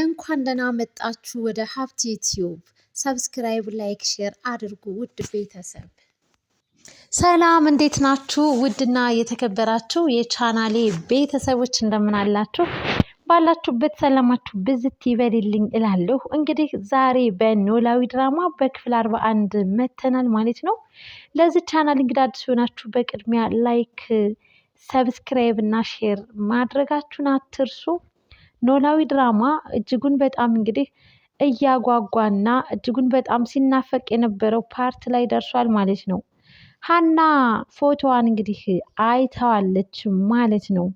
እንኳን ደህና መጣችሁ ወደ ሀብት ዩቲዩብ። ሰብስክራይብ፣ ላይክ፣ ሼር አድርጉ ውድ ቤተሰብ። ሰላም እንዴት ናችሁ? ውድና የተከበራችሁ የቻናሌ ቤተሰቦች እንደምን አላችሁ? ባላችሁበት ሰላማችሁ ብዝት ይበልልኝ እላለሁ። እንግዲህ ዛሬ በኖላዊ ድራማ በክፍል አርባ አንድ መተናል ማለት ነው። ለዚህ ቻናል እንግዲህ አዲስ የሆናችሁ በቅድሚያ ላይክ፣ ሰብስክራይብ እና ሼር ማድረጋችሁን አትርሱ። ኖላዊ ድራማ እጅጉን በጣም እንግዲህ እያጓጓና እጅጉን በጣም ሲናፈቅ የነበረው ፓርት ላይ ደርሷል ማለት ነው። ሀና ፎቶዋን እንግዲህ አይተዋለች ማለት ነው።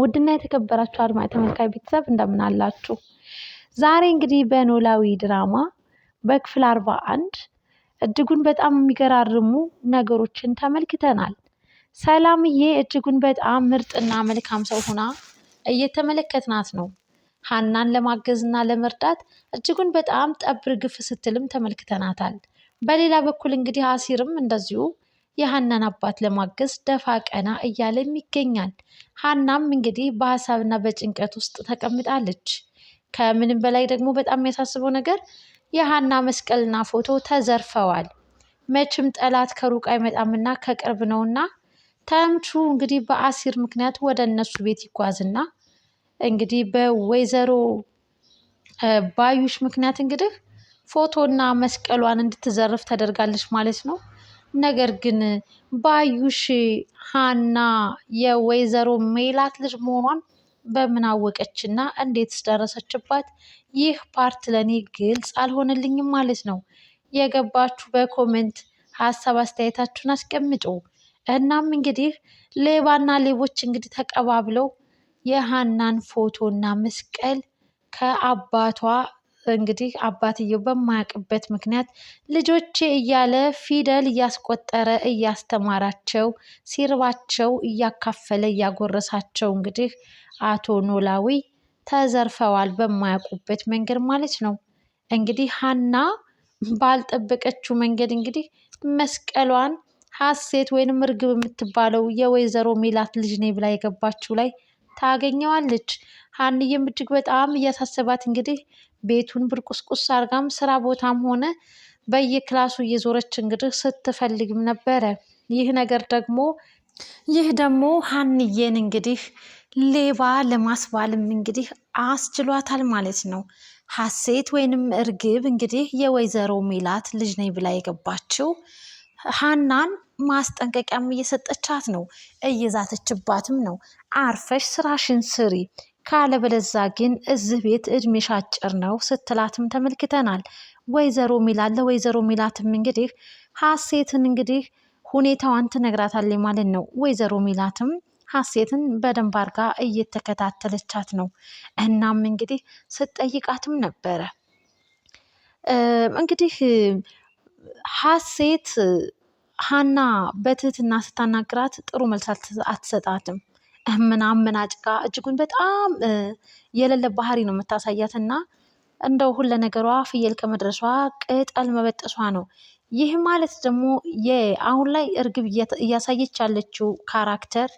ውድና የተከበራችሁ አድማ ተመልካይ ቤተሰብ እንደምን አላችሁ? ዛሬ እንግዲህ በኖላዊ ድራማ በክፍል አርባ አንድ እጅጉን በጣም የሚገራርሙ ነገሮችን ተመልክተናል። ሰላምዬ እጅጉን በጣም ምርጥና መልካም ሰው ሆና እየተመለከትናት ነው። ሀናን ለማገዝና ለመርዳት እጅጉን በጣም ጠብር ግፍ ስትልም ተመልክተናታል። በሌላ በኩል እንግዲህ አሲርም እንደዚሁ የሀናን አባት ለማገዝ ደፋ ቀና እያለም ይገኛል። ሀናም እንግዲህ በሀሳብና በጭንቀት ውስጥ ተቀምጣለች። ከምንም በላይ ደግሞ በጣም የሚያሳስበው ነገር የሀና መስቀልና ፎቶ ተዘርፈዋል። መቼም ጠላት ከሩቅ አይመጣምና ከቅርብ ነውና ተምቹ እንግዲህ በአሲር ምክንያት ወደ እነሱ ቤት ይጓዝና እንግዲህ በወይዘሮ ባዩሽ ምክንያት እንግዲህ ፎቶና መስቀሏን እንድትዘርፍ ተደርጋለች ማለት ነው። ነገር ግን ባዩሽ ሀና የወይዘሮ ሜላት ልጅ መሆኗን በምን አወቀች እና እንዴት ስደረሰችባት? ይህ ፓርት ለእኔ ግልጽ አልሆነልኝም ማለት ነው። የገባችሁ በኮሜንት ሀሳብ አስተያየታችሁን አስቀምጡ። እናም እንግዲህ ሌባና ሌቦች እንግዲህ ተቀባብለው የሀናን እና መስቀል ከአባቷ እንግዲህ አባትየው በማያውቅበት ምክንያት ልጆቼ እያለ ፊደል እያስቆጠረ እያስተማራቸው ሲርባቸው እያካፈለ እያጎረሳቸው እንግዲህ አቶ ኖላዊ ተዘርፈዋል፣ በማያውቁበት መንገድ ማለት ነው። እንግዲህ ሀና ባልጠበቀችው መንገድ እንግዲህ መስቀሏን ሀሴት ወይንም እርግብ የምትባለው የወይዘሮ ሜላት ልጅ ነኝ ብላ የገባችው ላይ ታገኘዋለች። ሀንዬም እጅግ በጣም እያሳሰባት እንግዲህ ቤቱን ብርቁስቁስ አርጋም ስራ ቦታም ሆነ በየክላሱ እየዞረች እንግዲህ ስትፈልግም ነበረ። ይህ ነገር ደግሞ ይህ ደግሞ ሀንዬን እንግዲህ ሌባ ለማስባልም እንግዲህ አስችሏታል ማለት ነው። ሀሴት ወይንም እርግብ እንግዲህ የወይዘሮ ሚላት ልጅ ነኝ ብላ የገባችው ሀናን ማስጠንቀቂያም እየሰጠቻት ነው፣ እየዛተችባትም ነው። አርፈሽ ስራሽን ስሪ ካለበለዛ ግን እዚህ ቤት እድሜሽ አጭር ነው ስትላትም ተመልክተናል። ወይዘሮ ሚላለ ወይዘሮ ሚላትም እንግዲህ ሀሴትን እንግዲህ ሁኔታዋን ትነግራታለች ማለት ነው። ወይዘሮ ሚላትም ሀሴትን በደንብ አርጋ እየተከታተለቻት ነው። እናም እንግዲህ ስትጠይቃትም ነበረ እንግዲህ ሀሴት ሀና በትህትና ስታናግራት ጥሩ መልስ አትሰጣትም። እምና አመናጭቃ እጅጉን በጣም የሌለ ባህሪ ነው የምታሳያት እና እንደው ሁለ ነገሯ ፍየል ከመድረሷ ቅጠል መበጠሷ ነው። ይህ ማለት ደግሞ አሁን ላይ እርግብ እያሳየች ያለችው ካራክተር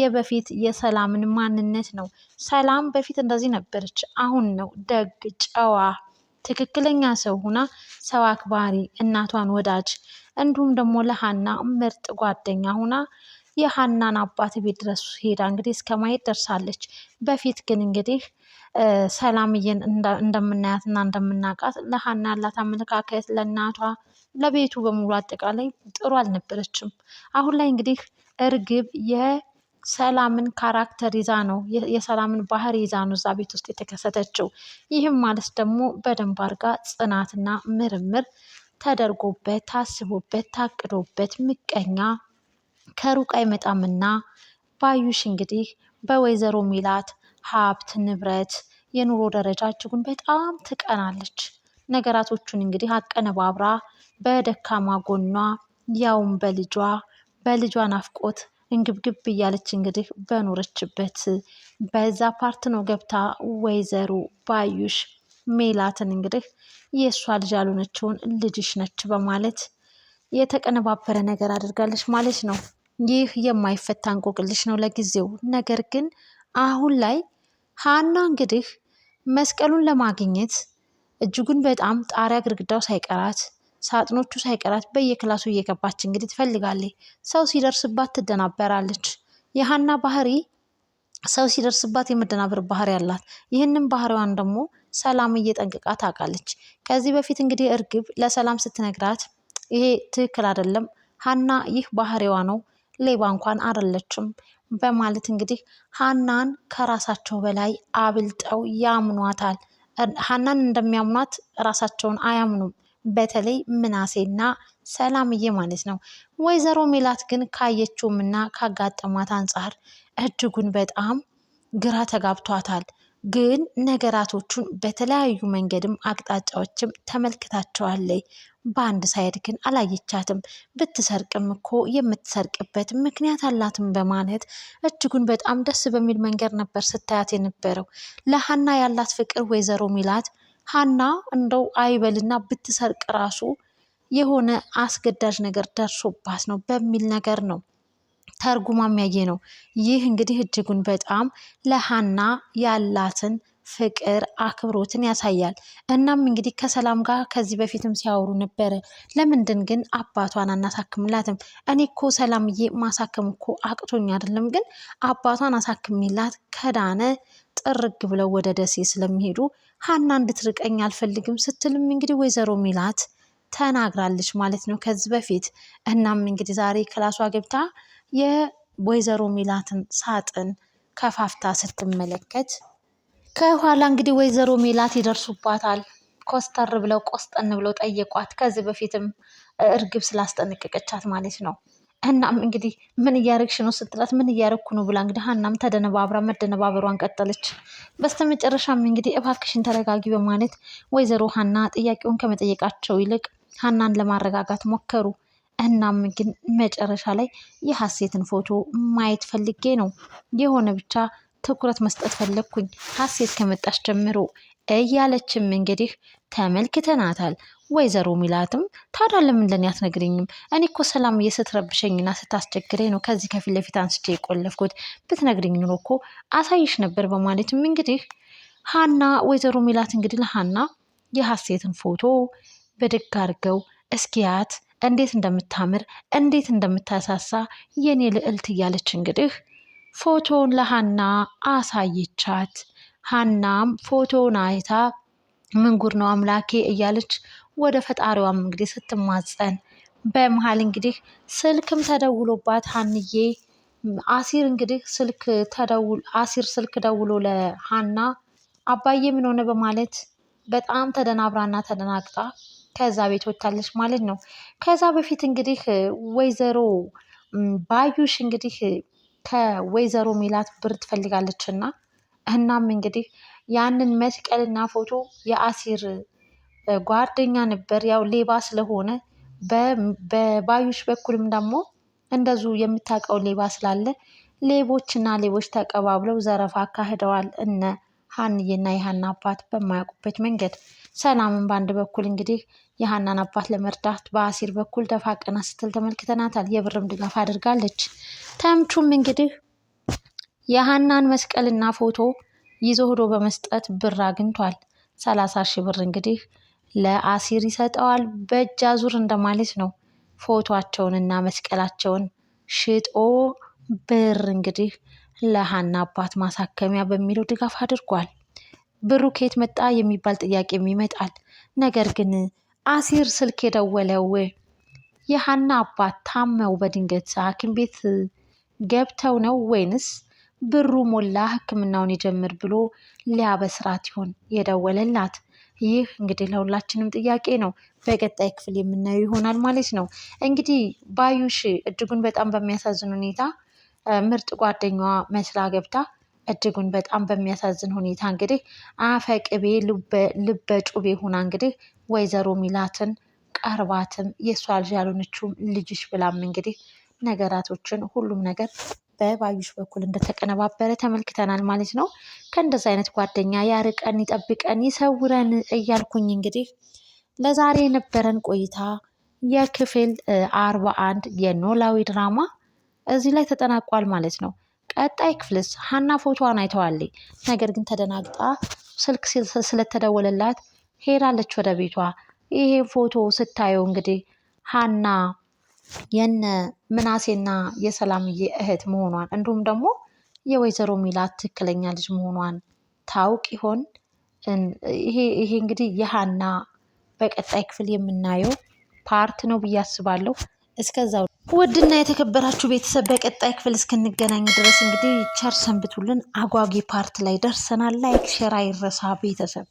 የበፊት የሰላምን ማንነት ነው። ሰላም በፊት እንደዚህ ነበረች። አሁን ነው ደግ፣ ጨዋ፣ ትክክለኛ ሰው ሆና ሰው አክባሪ፣ እናቷን ወዳጅ እንዲሁም ደግሞ ለሀና ምርጥ ጓደኛ ሁና የሀናን አባት ቤት ድረስ ሄዳ እንግዲህ እስከ ማየት ደርሳለች። በፊት ግን እንግዲህ ሰላምዬን እንደምናያትና እንደምናውቃት ለሀና ያላት አመለካከት ለእናቷ ለቤቱ በሙሉ አጠቃላይ ጥሩ አልነበረችም። አሁን ላይ እንግዲህ እርግብ ሰላምን ካራክተር ይዛ ነው የሰላምን ባህሪ ይዛ ነው እዛ ቤት ውስጥ የተከሰተችው። ይህም ማለት ደግሞ በደንብ አድርጋ ጽናትና ምርምር ተደርጎበት ታስቦበት ታቅዶበት ምቀኛ ከሩቅ አይመጣምና ባዩሽ እንግዲህ በወይዘሮ ሚላት ሀብት ንብረት የኑሮ ደረጃ እጅጉን በጣም ትቀናለች። ነገራቶቹን እንግዲህ አቀነባብራ በደካማ ጎኗ ያውም በልጇ በልጇ ናፍቆት እንግብግብ እያለች እንግዲህ በኖረችበት በዛ ፓርት ነው ገብታ ወይዘሮ ባዩሽ ሜላትን እንግዲህ የእሷ ልጅ ያልሆነችውን ልጅሽ ነች በማለት የተቀነባበረ ነገር አድርጋለች ማለት ነው። ይህ የማይፈታ እንቆቅልሽ ነው ለጊዜው። ነገር ግን አሁን ላይ ሀና እንግዲህ መስቀሉን ለማግኘት እጅጉን በጣም ጣሪያ ግድግዳው ሳይቀራት ሳጥኖቹ ሳይቀራት በየክላሱ እየገባች እንግዲህ ትፈልጋለች። ሰው ሲደርስባት ትደናበራለች። የሀና ባህሪ ሰው ሲደርስባት የመደናበር ባህሪ አላት። ይህንን ባህሪዋን ደግሞ ሰላም እየጠንቅቃ ታውቃለች። ከዚህ በፊት እንግዲህ እርግብ ለሰላም ስትነግራት ይሄ ትክክል አይደለም ሀና ይህ ባህሪዋ ነው፣ ሌባ እንኳን አይደለችም በማለት እንግዲህ ሀናን ከራሳቸው በላይ አብልጠው ያምኗታል። ሀናን እንደሚያምኗት ራሳቸውን አያምኑም። በተለይ ምናሴና ሰላምዬ ማለት ነው። ወይዘሮ ሜላት ግን ካየችውም እና ካጋጠማት አንጻር እጅጉን በጣም ግራ ተጋብቷታል። ግን ነገራቶቹን በተለያዩ መንገድም አቅጣጫዎችም ተመልክታቸዋለይ። በአንድ ሳይድ ግን አላየቻትም። ብትሰርቅም እኮ የምትሰርቅበት ምክንያት አላትም በማለት እጅጉን በጣም ደስ በሚል መንገድ ነበር ስታያት የነበረው። ለሀና ያላት ፍቅር ወይዘሮ ሚላት ሀና እንደው አይበልና ብትሰርቅ ራሱ የሆነ አስገዳጅ ነገር ደርሶባት ነው በሚል ነገር ነው ተርጉማ የሚያየ ነው። ይህ እንግዲህ እጅጉን በጣም ለሀና ያላትን ፍቅር አክብሮትን ያሳያል። እናም እንግዲህ ከሰላም ጋር ከዚህ በፊትም ሲያወሩ ነበረ። ለምንድን ግን አባቷን አናሳክምላትም? እኔ እኮ ሰላምዬ ማሳከም እኮ አቅቶኝ አይደለም፣ ግን አባቷን አሳክሚላት ከዳነ ጥርግ ብለው ወደ ደሴ ስለሚሄዱ ሀና እንድትርቀኝ አልፈልግም ስትልም እንግዲህ ወይዘሮ ሚላት ተናግራለች ማለት ነው ከዚህ በፊት። እናም እንግዲህ ዛሬ ክላሷ ገብታ የወይዘሮ ሚላትን ሳጥን ከፋፍታ ስትመለከት ከኋላ እንግዲህ ወይዘሮ ሚላት ይደርሱባታል። ኮስተር ብለው ቆስጠን ብለው ጠየቋት። ከዚህ በፊትም እርግብ ስላስጠነቀቀቻት ማለት ነው። እናም እንግዲህ ምን እያረግሽ ነው ስትላት ምን እያረግኩ ነው ብላ እንግዲህ ሀናም ተደነባብራ መደነባበሯን ቀጠለች። በስተመጨረሻም እንግዲህ እባክሽን ተረጋጊ በማለት ወይዘሮ ሀና ጥያቄውን ከመጠየቃቸው ይልቅ ሀናን ለማረጋጋት ሞከሩ። እናም ግን መጨረሻ ላይ የሀሴትን ፎቶ ማየት ፈልጌ ነው የሆነ ብቻ ትኩረት መስጠት ፈለግኩኝ ሀሴት ከመጣች ጀምሮ እያለችም እንግዲህ ተመልክተናታል። ወይዘሮ ሚላትም ታዲያ ለምን ለኔ አትነግሪኝም? እኔ እኮ ሰላምዬ ስትረብሸኝና ስታስቸግረኝ ነው ከዚህ ከፊት ለፊት አንስቼ የቆለፍኩት። ብትነግሪኝ ኑሮ እኮ አሳይሽ ነበር በማለትም እንግዲህ ሀና ወይዘሮ ሚላት እንግዲህ ለሀና የሀሴትን ፎቶ በድግ አድርገው እስኪያት እንዴት እንደምታምር እንዴት እንደምታሳሳ የኔ ልዕልት እያለች እንግዲህ ፎቶውን ለሀና አሳይቻት ሀናም ፎቶን አይታ ምን ጉድ ነው አምላኬ እያለች ወደ ፈጣሪዋም እንግዲህ ስትማጸን በመሀል እንግዲህ ስልክም ተደውሎባት ሀንዬ አሲር እንግዲህ ስልክ ተደውል አሲር ስልክ ደውሎ ለሀና አባዬ ምን ሆነ በማለት በጣም ተደናብራና ተደናግጣ ከዛ ቤት ወጥታለች ማለት ነው። ከዛ በፊት እንግዲህ ወይዘሮ ባዩሽ እንግዲህ ከወይዘሮ ሚላት ብር ትፈልጋለች እና እናም እንግዲህ ያንን መስቀልና ፎቶ የአሲር ጓደኛ ነበር ያው ሌባ ስለሆነ በባዩሽ በኩልም ደግሞ እንደዙ የምታውቀው ሌባ ስላለ ሌቦችና ሌቦች ተቀባብለው ዘረፋ አካሂደዋል እነ ሀንዬና የሀና አባት በማያውቁበት መንገድ ሰላምን በአንድ በኩል እንግዲህ የሀናን አባት ለመርዳት በአሲር በኩል ደፋ ቀና ስትል ተመልክተናታል። የብርም ድጋፍ አድርጋለች። ተምቹም እንግዲህ የሀናን መስቀልና ፎቶ ይዞ ሆዶ በመስጠት ብር አግኝቷል። ሰላሳ ሺህ ብር እንግዲህ ለአሲር ይሰጠዋል። በእጅ አዙር እንደማለት ነው። ፎቶቸውንና መስቀላቸውን ሽጦ ብር እንግዲህ ለሀና አባት ማሳከሚያ በሚለው ድጋፍ አድርጓል። ብሩ ከየት መጣ የሚባል ጥያቄም ይመጣል። ነገር ግን አሲር ስልክ የደወለው የሀና አባት ታመው በድንገት ሐኪም ቤት ገብተው ነው ወይንስ ብሩ ሞላ ህክምናውን ይጀምር ብሎ ሊያበስራት ይሆን የደወለላት? ይህ እንግዲህ ለሁላችንም ጥያቄ ነው። በቀጣይ ክፍል የምናየው ይሆናል ማለት ነው። እንግዲህ ባዩሽ እጅጉን በጣም በሚያሳዝን ሁኔታ ምርጥ ጓደኛዋ መስላ ገብታ እጅጉን በጣም በሚያሳዝን ሁኔታ እንግዲህ አፈቅቤ ልበ ጩቤ ሆና እንግዲህ ወይዘሮ ሚላትን ቀርባትም የእሷ ልጅ ያልሆነችውም ልጅሽ ብላም እንግዲህ ነገራቶችን ሁሉም ነገር በባዩሽ በኩል እንደተቀነባበረ ተመልክተናል ማለት ነው። ከእንደዚህ አይነት ጓደኛ ያርቀን፣ ይጠብቀን፣ ይሰውረን እያልኩኝ እንግዲህ ለዛሬ የነበረን ቆይታ የክፍል አርባ አንድ የኖላዊ ድራማ እዚህ ላይ ተጠናቋል ማለት ነው። ቀጣይ ክፍልስ ሀና ፎቶዋን አይተዋለኝ፣ ነገር ግን ተደናግጣ ስልክ ስለተደወለላት ሄዳለች ወደ ቤቷ። ይሄ ፎቶ ስታየው እንግዲህ ሀና የነ ምናሴና የሰላምዬ እህት መሆኗን እንዲሁም ደግሞ የወይዘሮ ሚላት ትክክለኛ ልጅ መሆኗን ታውቅ ይሆን? ይሄ እንግዲህ የሀና በቀጣይ ክፍል የምናየው ፓርት ነው ብዬ አስባለሁ። እስከዛው ውድና የተከበራችሁ ቤተሰብ በቀጣይ ክፍል እስክንገናኝ ድረስ እንግዲህ ቸር ሰንብቱልን። አጓጊ ፓርት ላይ ደርሰናል። ላይክ ሼር አይረሳ ቤተሰብ